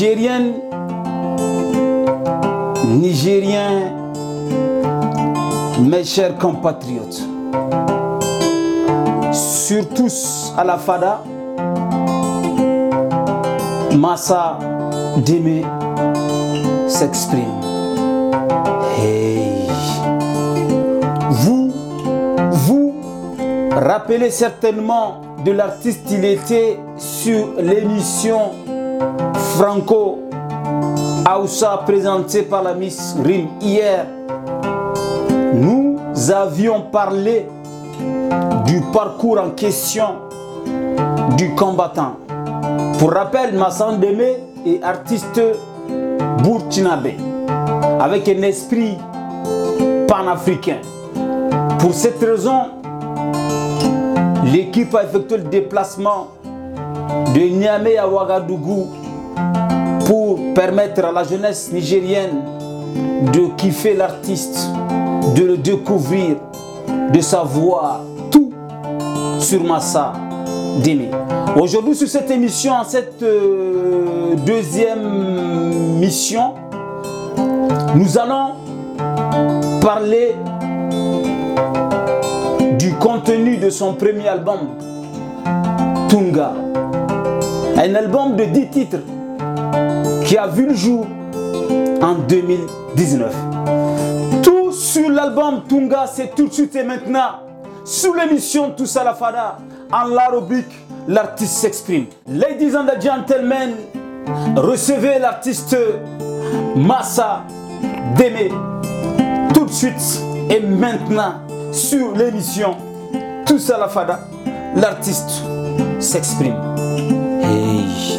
Nigérien, Nigérien, mes chers compatriotes, surtout à la FADA, Massa Deme s'exprime. Hey. Vous, vous rappelez certainement de l'artiste il était sur l'émission Franco Aoussa présenté par la Miss Rim hier, nous avions parlé du parcours en question du combattant. Pour rappel, Massan Deme est artiste burkinabé avec un esprit panafricain. Pour cette raison, l'équipe a effectué le déplacement de Niamey à Ouagadougou pour permettre à la jeunesse nigérienne de kiffer l'artiste, de le découvrir, de savoir tout sur Massa Demi. Aujourd'hui sur cette émission, en cette euh, deuxième mission, nous allons parler du contenu de son premier album, Tunga. Un album de 10 titres qui a vu le jour en 2019. Tout sur l'album Tunga, c'est tout de suite et maintenant. Sous l'émission Tous à la Fada, en la L'artiste s'exprime. Ladies and gentlemen, recevez l'artiste Massa Deme tout de suite et maintenant sur l'émission Tous à la Fada, l'artiste s'exprime. Hey.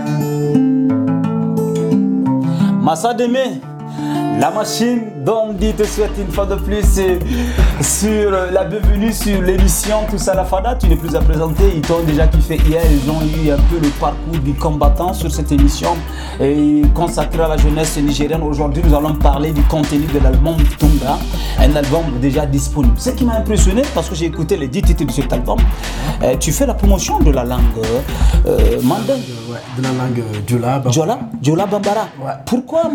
à ça demain. La machine dit te souhaite une fois de plus sur la bienvenue sur l'émission Tout ça la fada. Tu n'es plus à présenter. Ils t'ont déjà kiffé hier. Ils ont eu un peu le parcours du combattant sur cette émission et consacrée à la jeunesse nigérienne. Aujourd'hui, nous allons parler du contenu de l'album Tunga, un album déjà disponible. Ce qui m'a impressionné parce que j'ai écouté les 10 titres de cet album. Euh, tu fais la promotion de la langue euh, de la langue euh, Djola. Bambara. Djola, Djola Bambara. Pourquoi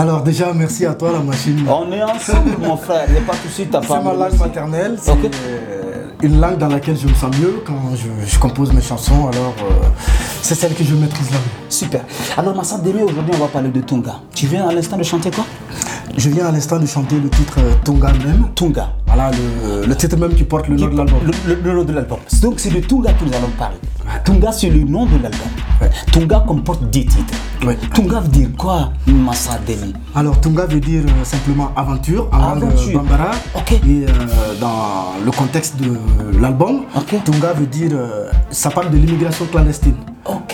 alors déjà, merci à toi la machine. On est ensemble mon frère, il n'y a pas de suite ta pas... C'est ma langue maternelle, c'est euh, une langue dans laquelle je me sens mieux quand je, compose mes chansons, alors euh, c'est celle que je maîtrise la mieux. Super. Alors ma sœur Demi, aujourd'hui on va parler de Tonga. Tu viens à l'instant de chanter quoi je viens à l'instant de chanter le titre euh, Tonga même. Tonga. Voilà le, titre même qui porte le nom de l'album. Le, le, nom de l'album. Donc c'est de Tonga que nous allons parler. Tonga c'est le nom de l'album. Tunga comporte 10 titres. Tunga veut dire quoi, Massa Alors, Tunga veut dire euh, simplement aventure, en bambara. Et euh, dans le contexte de l'album, Tunga veut dire. Euh, ça parle de l'immigration clandestine.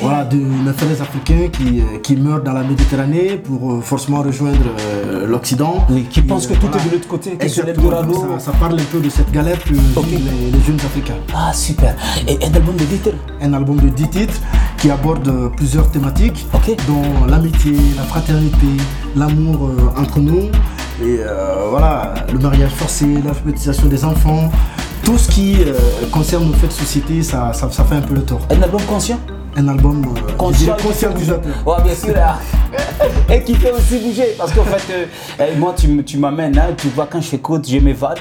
Voilà, de frères africains qui, qui meurent dans la Méditerranée pour forcément rejoindre l'Occident. qui pensent que tout est de l'autre côté, que ça, ça parle un peu de cette galère que les, les, jeunes africains. Ah, super. Et un album de 10 titres Un album de 10 titres qui aborde euh, plusieurs thématiques, dont l'amitié, la fraternité, l'amour euh, entre nous, et euh, voilà, le mariage forcé, l'alphabétisation des enfants, tout ce qui concerne nos faits de société, ça, ça, fait un peu le tort. Un album conscient Un album conscient, conscient, du Oui bien sûr. et qui fait aussi bouger. Parce qu'en fait, euh, eh, moi, tu, tu m'amènes, hein, tu vois, quand je fais coach, je m'évade.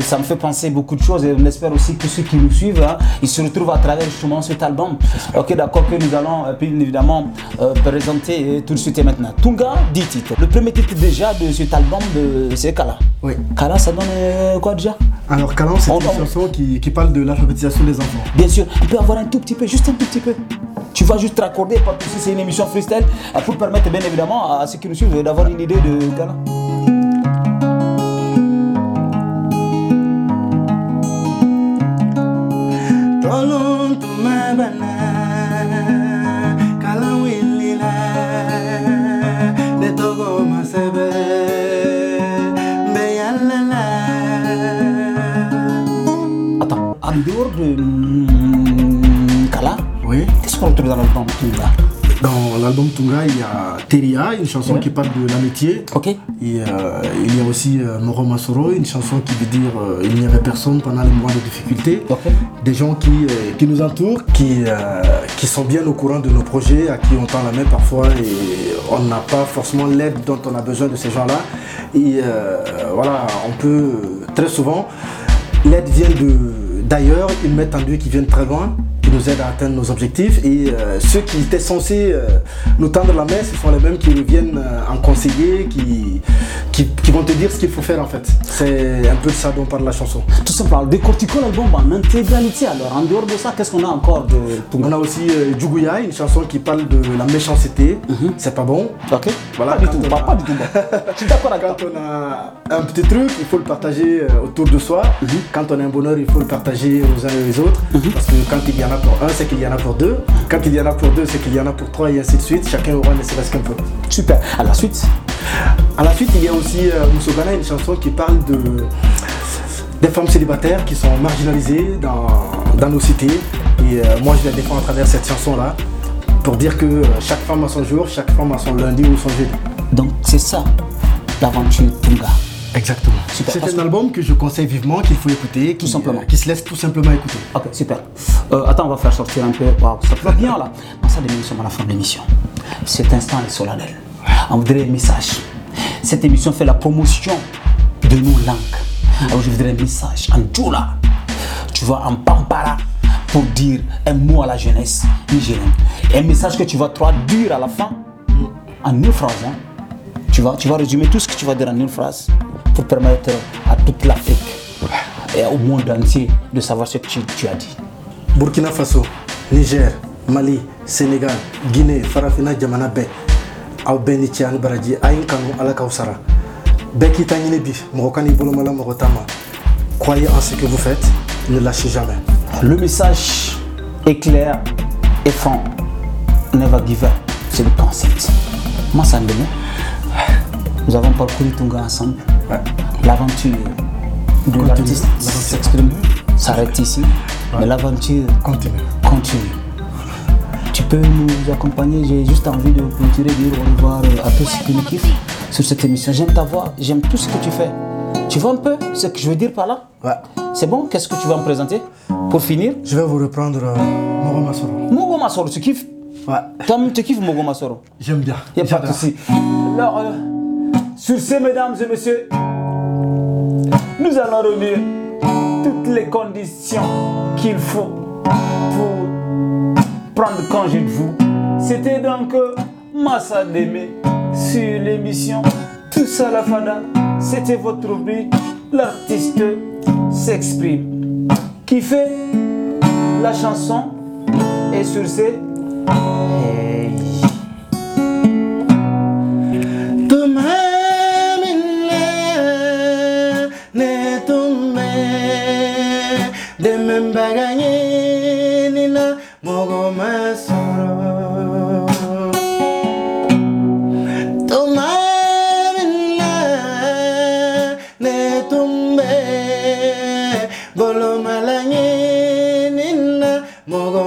Ça me fait penser beaucoup de choses et on espère aussi que ceux qui nous suivent, hein, ils se retrouvent à travers justement cet album. Ok, d'accord, que nous allons euh, évidemment euh, présenter tout de suite et maintenant. Tunga, dit titre, Le premier titre déjà de cet album, de, c'est Kala. Oui. Kala, ça donne quoi déjà Alors, Kala, c'est une chanson qui, parle de l'alphabétisation des enfants. Bien sûr, il peut avoir un tout petit peu, juste un tout petit peu. Tu vas juste raccorder, parce que c'est une émission freestyle, pour permettre permettre bien évidemment à ceux qui nous suivent d'avoir une idée de Ghana. Attends, en dehors de Kala, mm, oui. qu'est-ce qu'on retrouve dans l'album là? Dans l'album Tunga, il y a Teria, une chanson qui parle de l'amitié. Euh, il y a aussi euh, Masoro, une chanson qui veut dire euh, il n'y avait personne pendant les moments de difficulté. Des gens qui, euh, nous entourent, qui, sont bien au courant de nos projets, à qui on tend la main parfois et on n'a pas forcément l'aide dont on a besoin de ces gens-là. Et voilà, on peut très souvent, l'aide vient d'ailleurs, ils mettent en Dieu qui viennent très loin qui nous aident à atteindre nos objectifs. Et euh, ceux qui étaient censés euh, nous tendre la main, ce sont les mêmes qui reviennent euh, en conseiller, qui, qui, vont te dire ce qu'il faut faire en fait. C'est un peu de ça dont parle la chanson. Tout ça parle décortiquons l'album bah, en intégralité alors. En dehors de ça, qu'est-ce qu'on a encore de On a aussi Djougouya, euh, une chanson qui parle de la méchanceté. Mhm. C'est pas bon. Ok. Voilà, pas, du tout, pas du tout. Tu d'accord avec Quand on a un petit truc, il faut le partager euh, autour de soi. Mhm. Quand on a un bonheur, il faut le partager aux uns et aux autres. Mhm. Parce que quand il y en a pour un, c'est qu'il y en a pour deux. Quand il y en a pour deux, c'est qu'il y en a pour trois et ainsi de suite. Chacun aura ne serait-ce qu'un peu. Super. À la suite. À la suite, il y a aussi euh, Moussogana, une chanson qui parle de, des femmes célibataires qui sont marginalisées dans, nos cités. Et euh, moi, je la défendre à travers cette chanson-là pour dire que euh, chaque femme a son jour, chaque femme a son lundi ou son jeudi. Donc, c'est ça l'aventure Tunga. Exactement. C'est un album que je conseille vivement, qu'il faut écouter, qui, qui se laisse tout simplement écouter. Ok, super. attends, on va faire sortir un peu. Wow, ça va bien là. ça, sommes à la fin de l'émission. Cet instant est solennel on voudrait un message. Cette émission fait la promotion de nos langues. je voudrais un message en là, tu vois, en Pampara, pour dire un mot à la jeunesse nigérienne. Un message que tu vas traduire à la fin en une phrase. Hein. Tu, vas, tu vas résumer tout ce que tu vas dire en une phrase pour permettre à toute l'Afrique et au monde entier de savoir ce que tu, as dit. Burkina Faso, Niger, Mali, Sénégal, Guinée, Farafina, Yamanabe aw bɛɛ ni ce ani baraji a ye n kanu ala k'aw sara bɛɛ k'i ta ɲini bi mɔgɔ n'i bolomala mɔgɔ ta ma croyez en ce que vous faites ne lâchez jamais le message est clair et franc never give up c'est le concept moi ça nous avons parcouru Tunga ensemble ouais. l'aventure de l'artiste s'exprime s'arrête ici ouais. mais l'aventure continue continue peux nous accompagner. J'ai juste envie de vous dire au revoir euh, à tous ceux qui nous kiffent sur cette émission. J'aime ta voix, j'aime tout ce que tu fais. Tu vois un peu ce que je veux dire par là ouais. C'est bon Qu'est-ce que tu vas me présenter Pour finir Je vais vous reprendre euh, Mogo Masoro. Mogo Masoro, tu kiffes Ouais. Toi-même tu kiffes Mogo Masoro J'aime bien. Il n'y a pas de souci. Alors, euh, sur ce, mesdames et messieurs, nous allons revenir toutes les conditions qu'il faut pour prendre congé de vous. C'était donc Massa Deme sur l'émission Tout ça la fada. C'était votre but. L'artiste s'exprime. Qui fait la chanson et sur ses malangin inna mogo